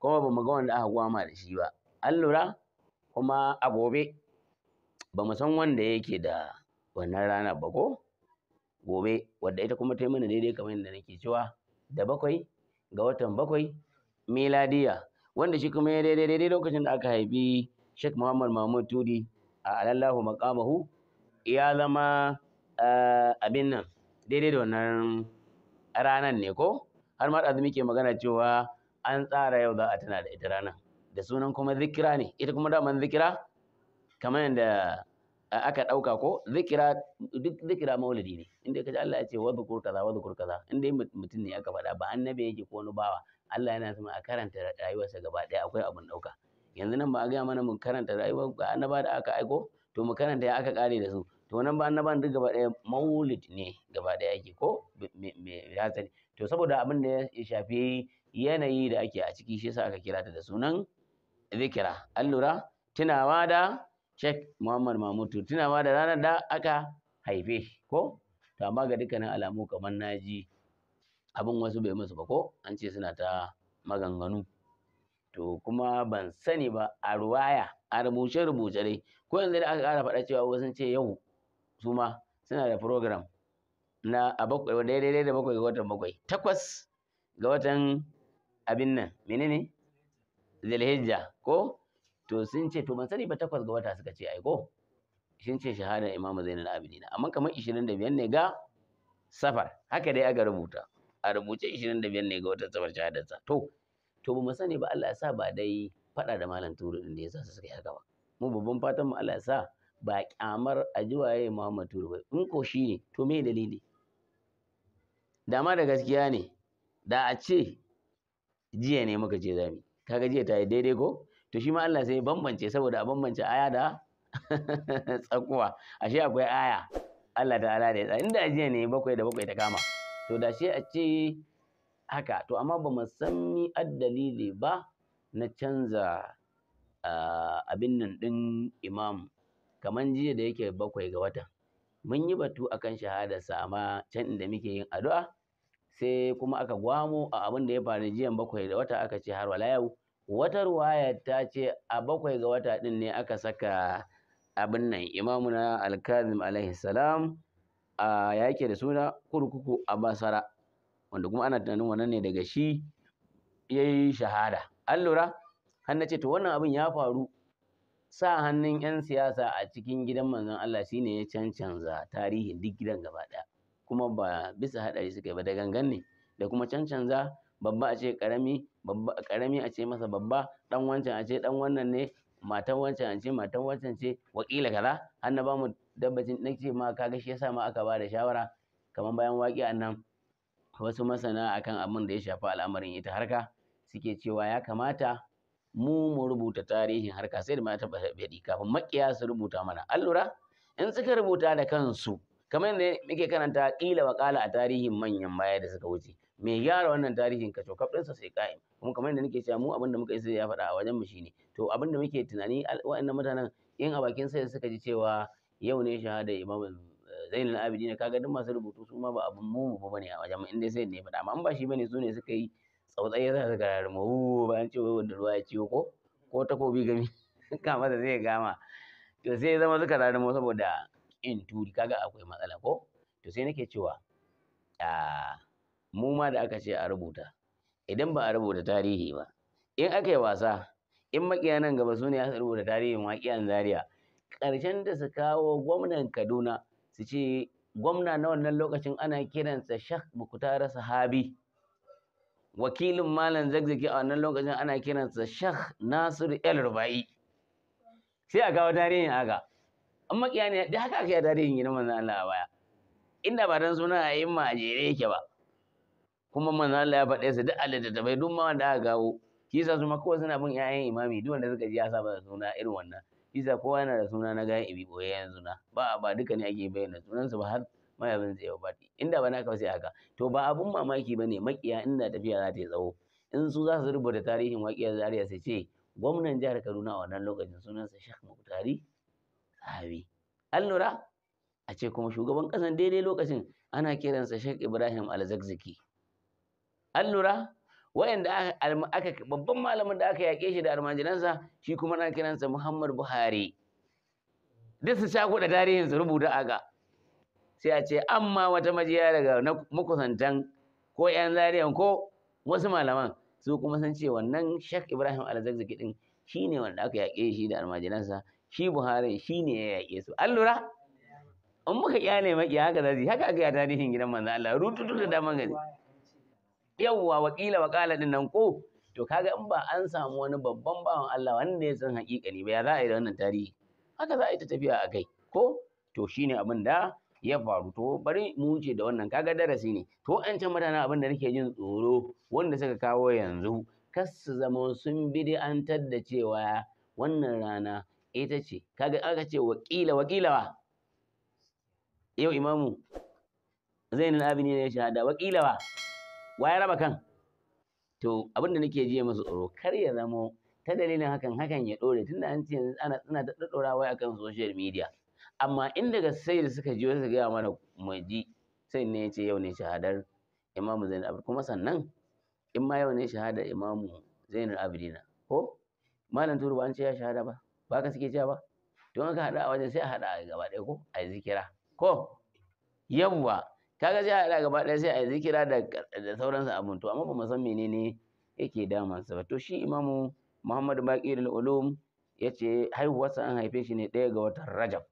kuma ba mu ga wanda aka gwama da shi ba an lura kuma a gobe ba mu san wanda yake da wannan rana ba ko gobe wadda ita kuma ta yi mana daidai kamar yadda nake cewa da bakwai ga watan bakwai miladiya wanda shi kuma ya daidai daidai lokacin da aka haifi Sheikh Muhammad Mahmud Tudi a alallahu maqamahu ya zama eh, abin nan daidai da wannan ranan ne ko har ma da ke magana cewa an tsara yau za a tana da ita ranar da sunan kuma zikira ne ita kuma daman zikira kamar yadda aka ɗauka ko zikira duk zikira maulidi ne inda kaji Allah ya ce wa zukur kaza wa zukur kaza inda mutum ne aka faɗa ba annabi yake ko wani bawa Allah yana sama a karanta rayuwarsa gaba ɗaya akwai abin ɗauka yanzu nan ba a gaya mana mu karanta rayuwar ga annaba da aka aiko to mu karanta ya aka kare da su to nan ba annaban duk gaba ɗaya maulid ne gaba ɗaya yake ko me sani? to saboda abin da ya shafi yanayi da ake a ciki shi yasa aka kira ta da sunan zikira an lura tunawa da Sheikh Muhammad Mamutu tunawa da ranar da aka haife ko to amma ga dukkanin alamu kamar naji abin wasu bai musu ba ko an ce suna ta maganganu to kuma ban sani ba a ruwaya a rubuce rubuce dai ko yanzu da aka ƙara faɗa cewa wasu ce yau su ma suna da program na a bakwai daidai da bakwai ga watan bakwai takwas ga watan abin nan menene zilhijja ko to sun ce to ban sani ba takwas ga wata suka ce ai ko sun ce shahada imamu zainal abidin amma kamar 25 ne ga safar haka dai aka rubuta a rubuce 25 ne ga wata safar shahadarsa to to ba mu sani ba Allah ya sa ba dai faɗa da malam turu ɗin da ya sa su suka yi haka ba mu babban fatan mu Allah ya sa ba kyamar ajiwaye Muhammad turu ba in ko shi ne to me dalili Dama da gaskiya ne da a ce jiya ne muka ce zamu kaga jiya ta yi daidai ko to shi ma Allah sai bambance saboda a bambance aya da tsakuwa ashe akwai aya Allah ala da ya inda jiya ne bakwai da bakwai ta kama to da shi a ce haka to amma ba mu san mi addalili ba na canza abin nan din imam Kaman jiya da yake bakwai ga wata. mun yi batu akan shahadarsa amma can inda muke yin addu'a sai kuma aka gwamo a abin da ya faru jiyan bakwai da wata aka ce har wala yau wata ruwaya ta ce a bakwai ga wata din ne aka saka abin nan imamuna alkazim alaihi salam a yake da suna kurkuku a basara wanda kuma ana tunanin wannan ne daga shi ya yi shahada an lura ce to wannan abin ya faru sa hannun 'yan siyasa a cikin gidan manzon Allah shine ya cancanza tarihin duk gidan gaba ɗaya kuma ba bisa haɗari suka yi ba da gangan ne da kuma cancanza babba a ce ƙarami ƙarami a ce masa babba ɗan wancan a ce ɗan wannan ne matan wancan a ce matan wancan ce wakila kaza har na bamu dabbacin na ce ma kaga shi yasa ma aka ba da shawara kamar bayan waƙi nan wasu masana akan abin da ya shafi al'amarin ita harka suke cewa ya kamata mu mu rubuta tarihin harka sai da ma ta faɗi kafin makiya su rubuta mana allura in suka rubuta da kansu kamar yadda muke karanta ƙila wa a tarihin manyan baya da suka wuce me gyara wannan tarihin ka cokaf ɗinsa sai ƙa'im kuma kamar yadda nake cewa mu abin da muka yi sai ya faɗa a wajen mu shine to abin da muke tunani waɗannan mutanen in a bakin sai suka ji cewa yau ne shahada imam eh, zainul abidin kaga duk masu rubutu su ma ba abin mu mu bane a wajen mu in dai sai ne faɗa amma in ba shi bane su ne suka yi tsautsayi za su ga mu bayan cewa wanda ruwa ya ciwo ko ko takobi gami kama da zai gama to sai zama suka rarramo saboda in turi kaga akwai matsala ko to sai nake cewa a mu ma da aka ce a rubuta idan ba a rubuta tarihi ba in aka yi wasa in makiya nan gaba sune ne rubuta tarihin makiyan zaria karshen da su kawo gwamnan kaduna su ce gwamna na wannan lokacin ana kiransa shak mukutara sahabi wakilin malam zagzagi a wannan lokacin ana kiransa shak nasiru el rubai sai a kawo tarihin haka an makiya ne da haka aka yi tarihin gina manzan Allah a baya inda ba dan suna a yi majere yake ba kuma manzan Allah ya faɗe su duk a littattafai duk ma wanda aka gawo shi yasa su kawai suna bin ƴaƴan imami duk wanda suka ji ya saba da suna irin wannan shi yasa kowa yana da suna na gayan ibi yanzu suna ba ba duka ne ake bayyana sunansu ba har mahaifin tsaye ba inda ba na kawai sai haka to ba abun mamaki ba ne makiya inda tafiya za ta yi tsawo in su za su rubuta tarihin waƙiyar zaria sai ce gwamnan jihar kaduna a wannan lokacin sunansa shak muktari sahabi an lura a ce kuma shugaban ƙasan daidai lokacin ana kiransa Sheikh Ibrahim Al-Zakzaki an lura wayanda aka babban malamin da aka yaƙe shi da almajiransa shi kuma na kiransa Muhammad Buhari duk su da tarihin su rubuta aga sai a ce amma wata majiya daga makusantan ko 'yan zariyan ko wasu malaman su kuma san ce wannan Sheikh Ibrahim Al-Zakzaki din shine wanda aka yaƙe shi da almajiransa shi buhari shi ne ya yaƙe su an lura in muka kyale maki haka zazi haka aka yi a tarihin gidan manzan Allah rututu da daman gani yawwa wakila wakala din nan ko to kaga in ba an samu wani babban bawan Allah wanda ya san hakikani ne ba ya za a yi da wannan tarihi haka za a yi ta tafiya a kai ko to shine abin da ya faru to bari mu wuce da wannan kaga darasi ne to an can mutanen abin da nake jin tsoro wanda suka kawo yanzu kas su zama sun an da cewa wannan rana ita ce kaga aka ce wakila wakila wa yau imamu zainul abini ne shahada wakila wa wa ya raba kan to abin da nake jiya masu tsoro kar ya zamo ta dalilin hakan hakan ya dore tunda an ce ana tana da dadora wai akan social media amma in daga sai da suka ji suka gaya mana maji ji sai ne ya ce yau ne shahadar imamu zainul abidin kuma sannan in ma yau ne shahadar imamu zainul abidina ko malam turu ba an ce ya shahada ba ba ka suke cewa ba To don ka hada a wajen sai a hada gaba ɗaya ko a yi zikira ko yawwa kaga sai a hada gaba ɗaya sai a yi zikira da da sauransu abun to amma ba mu san menene yake damun sa ba to shi imamu Muhammad Baqir al-Ulum yace haihuwarsa an haife shi ne ɗaya ga watan Rajab